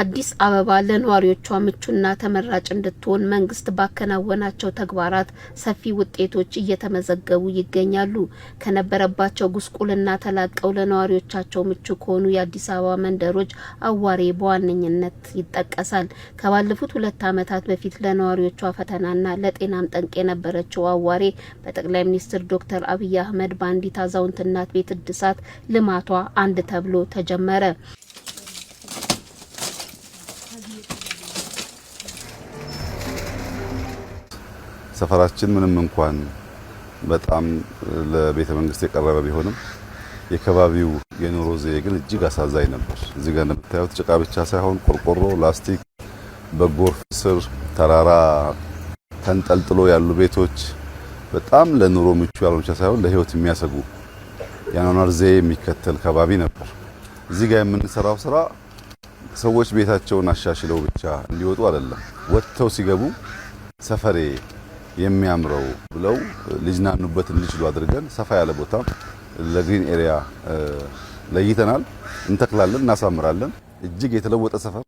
አዲስ አበባ ለነዋሪዎቿ ምቹና ተመራጭ እንድትሆን መንግስት ባከናወናቸው ተግባራት ሰፊ ውጤቶች እየተመዘገቡ ይገኛሉ። ከነበረባቸው ጉስቁልና ተላቀው ለነዋሪዎቻቸው ምቹ ከሆኑ የአዲስ አበባ መንደሮች አዋሬ በዋነኝነት ይጠቀሳል። ከባለፉት ሁለት ዓመታት በፊት ለነዋሪዎቿ ፈተናና ለጤናም ጠንቅ የነበረችው አዋሬ በጠቅላይ ሚኒስትር ዶክተር አብይ አህመድ በአንዲት አዛውንት እናት ቤት እድሳት ልማቷ አንድ ተብሎ ተጀመረ። ሰፈራችን ምንም እንኳን በጣም ለቤተ መንግስት የቀረበ ቢሆንም የከባቢው የኑሮ ዘዬ ግን እጅግ አሳዛኝ ነበር። እዚህ ጋር እንደምታዩት ጭቃ ብቻ ሳይሆን ቆርቆሮ፣ ላስቲክ በጎርፍ ስር ተራራ ተንጠልጥሎ ያሉ ቤቶች በጣም ለኑሮ ምቹ ያልሆኑ ብቻ ሳይሆን ለህይወት የሚያሰጉ የአኗኗር ዘዬ የሚከተል ከባቢ ነበር። እዚህ ጋር የምንሰራው ስራ ሰዎች ቤታቸውን አሻሽለው ብቻ እንዲወጡ አይደለም፣ ወጥተው ሲገቡ ሰፈሬ የሚያምረው ብለው ሊዝናኑበት እንዲችሉ አድርገን ሰፋ ያለ ቦታ ለግሪን ኤሪያ ለይተናል። እንተክላለን፣ እናሳምራለን። እጅግ የተለወጠ ሰፈር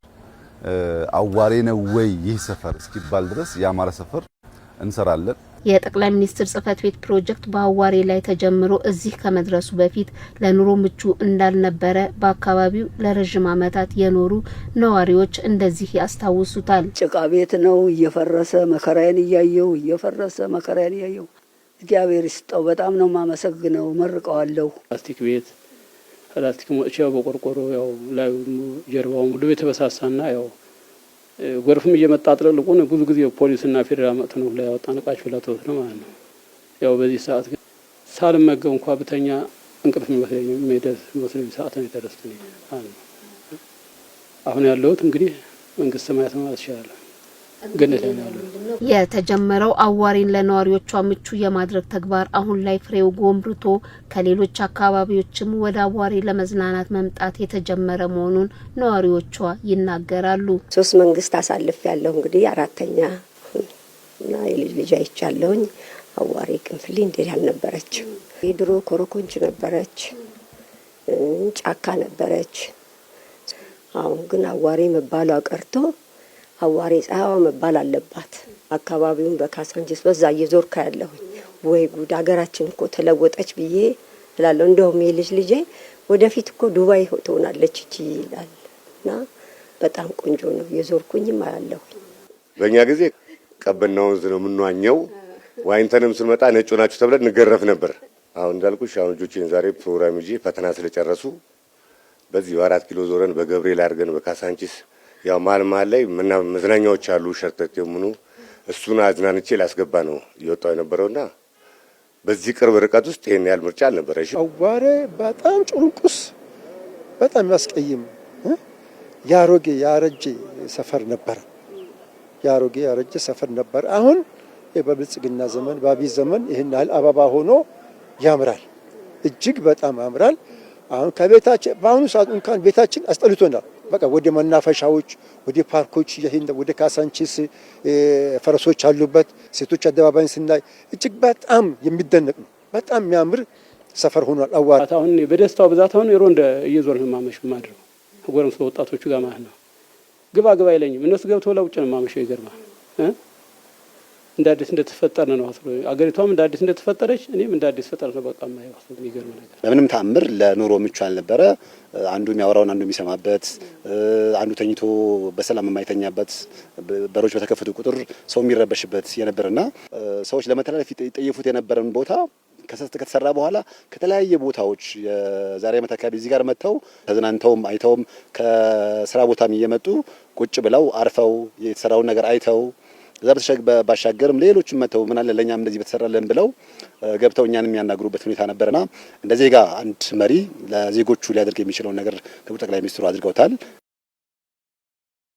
አዋሬ ነው ወይ ይህ ሰፈር እስኪባል ድረስ ያማረ ሰፈር እንሰራለን። የጠቅላይ ሚኒስትር ጽህፈት ቤት ፕሮጀክት በአዋሬ ላይ ተጀምሮ እዚህ ከመድረሱ በፊት ለኑሮ ምቹ እንዳልነበረ በአካባቢው ለረዥም ዓመታት የኖሩ ነዋሪዎች እንደዚህ ያስታውሱታል። ጭቃ ቤት ነው እየፈረሰ መከራዬን እያየው እየፈረሰ መከራዬን እያየው እግዚአብሔር ይስጠው። በጣም ነው ማመሰግነው። መርቀዋለሁ። ፕላስቲክ ቤት ፕላስቲክ መጥቻ በቆርቆሮ ያው ላዩ ጀርባው ሙሉ የተበሳሳና ያው ጎርፍም እየመጣ አጥለቅልቆ ነው ብዙ ጊዜ ፖሊስና ፌዴራል መጥቶ ነው ላይ ያወጣ ነቃሽ ፍላቶት ነው ማለት ነው። ያው በዚህ ሰዓት ግን ሳልመገብ እንኳ ብተኛ እንቅልፍ የሚሄደስ መስለኝ ሰዓት ነው የተደረስኩት። አሁን ያለሁት እንግዲህ መንግስት ሰማያት ማለት ይችላል። የተጀመረው አዋሪን ለነዋሪዎቿ ምቹ የማድረግ ተግባር አሁን ላይ ፍሬው ጎምርቶ ከሌሎች አካባቢዎችም ወደ አዋሪ ለመዝናናት መምጣት የተጀመረ መሆኑን ነዋሪዎቿ ይናገራሉ። ሶስት መንግስት አሳልፍ ያለው እንግዲህ አራተኛ እና የልጅ ልጅ አይቻለሁኝ። አዋሪ ቅንፍሌ እንዴት አልነበረችም። የድሮ ኮረኮንች ነበረች፣ ጫካ ነበረች። አሁን ግን አዋሪ መባሏ ቀርቶ አዋሬ ፀሐዋ መባል አለባት። አካባቢውን በካሳንችስ በዛ እየዞርካ ያለሁኝ ወይ ጉድ ሀገራችን እኮ ተለወጠች ብዬ እላለሁ። እንደውም የልጅ ልጄ ወደፊት እኮ ዱባይ ትሆናለች እቺ ይላል እና በጣም ቆንጆ ነው። የዞርኩኝም አያለሁኝ። በእኛ ጊዜ ቀበና ወንዝ ነው የምንዋኘው። ዋኝተንም ስንመጣ ነጭ ናችሁ ተብለን እንገረፍ ነበር። አሁን እንዳልኩሽ አሁን ልጆችን ዛሬ ፕሮግራም ይዤ ፈተና ስለጨረሱ በዚህ በአራት ኪሎ ዞረን በገብርኤል አድርገን በካሳንቺስ ያው መሀል መሀል ላይ መዝናኛዎች አሉ፣ ሸርተት የምኑ እሱን አዝናንቼ ላስገባ ነው እየወጣው የነበረውና በዚህ ቅርብ ርቀት ውስጥ ይሄን ያህል ምርጫ አልነበረ። አዋሬ በጣም ጭንቁስ፣ በጣም ያስቀይም ያሮጌ ያረጀ ሰፈር ነበረ። ያሮጌ ያረጀ ሰፈር ነበረ። አሁን በብልጽግና ዘመን በአብይ ዘመን ይህን ያህል አበባ ሆኖ ያምራል። እጅግ በጣም ያምራል። አሁን ከቤታችን በአሁኑ ሰዓት እንኳን ቤታችን አስጠልቶናል። በቃ ወደ መናፈሻዎች፣ ወደ ፓርኮች ወደ ካሳንቺስ ፈረሶች አሉበት ሴቶች አደባባይን ስናይ እጅግ በጣም የሚደነቅ ነው። በጣም የሚያምር ሰፈር ሆኗል። አዋ አሁን በደስታው ብዛት አሁን የሮ እንደ እየዞር ነው ማመሽ ማድረው ጎረምሶ ወጣቶቹ ጋር ማለት ነው። ግባ ግባ አይለኝም። እነሱ ገብቶ ለውጭ ነው ማመሸው። ይገርማል። እንደ አዲስ እንደተፈጠረ ነው። አገሪቷም እንደ አዲስ እንደተፈጠረች እኔም እንደ አዲስ ፈጠረ ነው። በቃ የሚገርም ነገር በምንም ታምር ለኑሮ ምቹ አልነበረ። አንዱ የሚያወራውን አንዱ የሚሰማበት፣ አንዱ ተኝቶ በሰላም የማይተኛበት፣ በሮች በተከፈቱ ቁጥር ሰው የሚረበሽበት የነበረና ሰዎች ለመተላለፍ ይጠየፉት የነበረን ቦታ ከተሰራ በኋላ ከተለያየ ቦታዎች የዛሬ ዓመት አካባቢ እዚህ ጋር መጥተው ተዝናንተውም አይተውም ከስራ ቦታም እየመጡ ቁጭ ብለው አርፈው የተሰራውን ነገር አይተው እዛ ባሻገርም ሌሎችም መተው ምን አለ ለእኛም እንደዚህ በተሰራለን ብለው ገብተው እኛን የሚያናግሩበት ሁኔታ ነበርና እንደ ዜጋ አንድ መሪ ለዜጎቹ ሊያደርግ የሚችለውን ነገር ክቡር ጠቅላይ ሚኒስትሩ አድርገውታል።